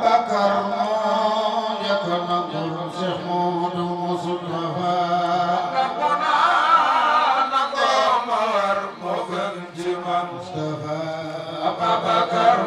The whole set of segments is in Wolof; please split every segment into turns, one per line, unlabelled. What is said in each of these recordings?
Bakar Ababakar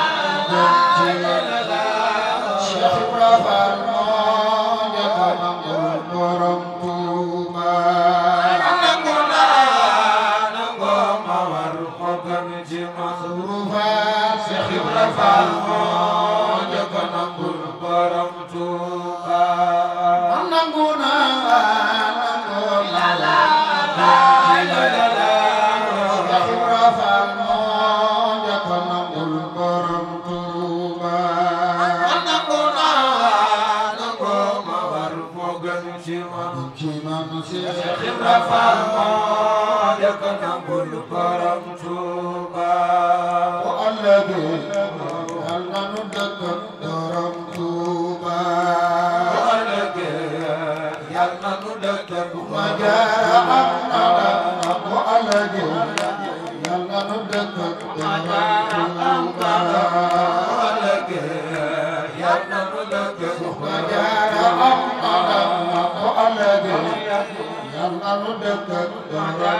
Para Yàlla nu dëkk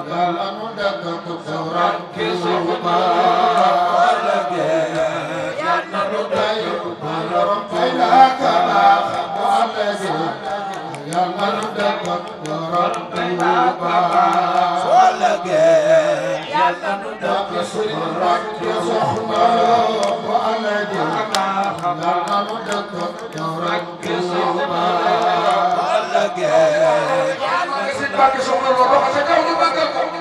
قبل أن ندقق ثورا في صحبه Mbàkke soxna lool wax sa kaw ñu màggal ko bu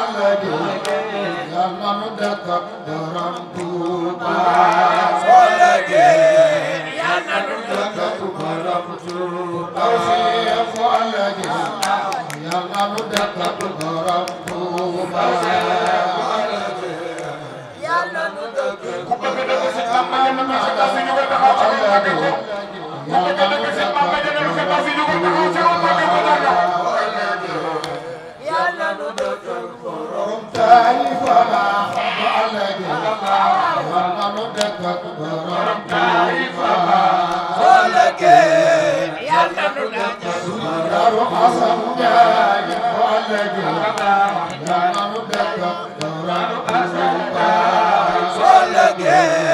Allah di yal na nu dëkk borom Tuuba solage yal na nu dëkk borom Tuuba bu Allah di yal na nu dëkk borom Tuuba yal na nu dëkk ku bëgg dëkk ci Bamba na ma sa tax ñu ko taxaw Yeah.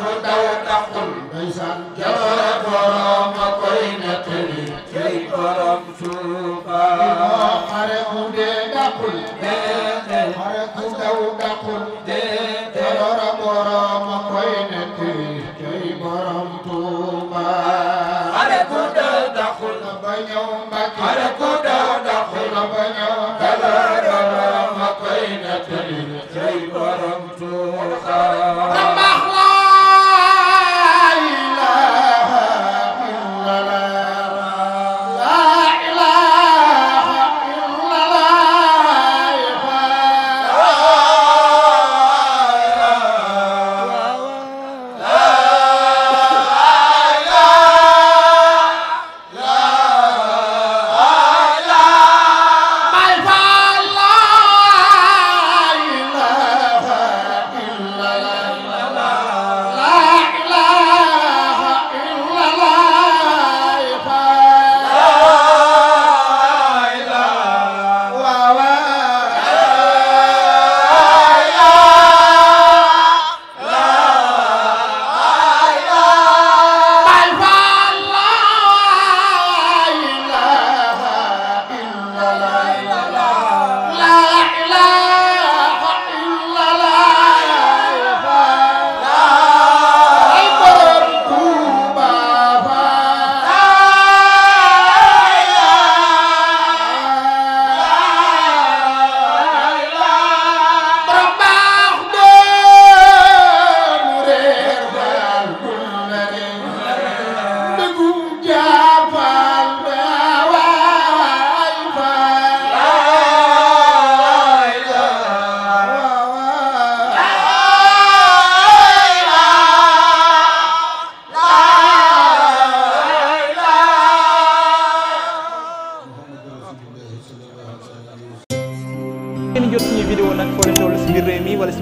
ku daw taxul ndeysaan jaloore borom a koy nettali cey borom Tuuba xare ku dee daqul dee xare ku daw daqul dee jaloore borom a koy nettali cey borom Tuuba xare ku daw daqul ba ñëw Mbàkke xare ku daw daqul ba ñëw jaloore borom a koy nettali cey borom Tuuba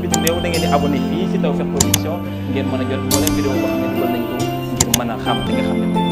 bitim réew da ngeen di abonné fii si Tawfekh Production ngeen mën a jot moo leen vidéo boo xam ne dugal nañ ko ngir xam li xam ne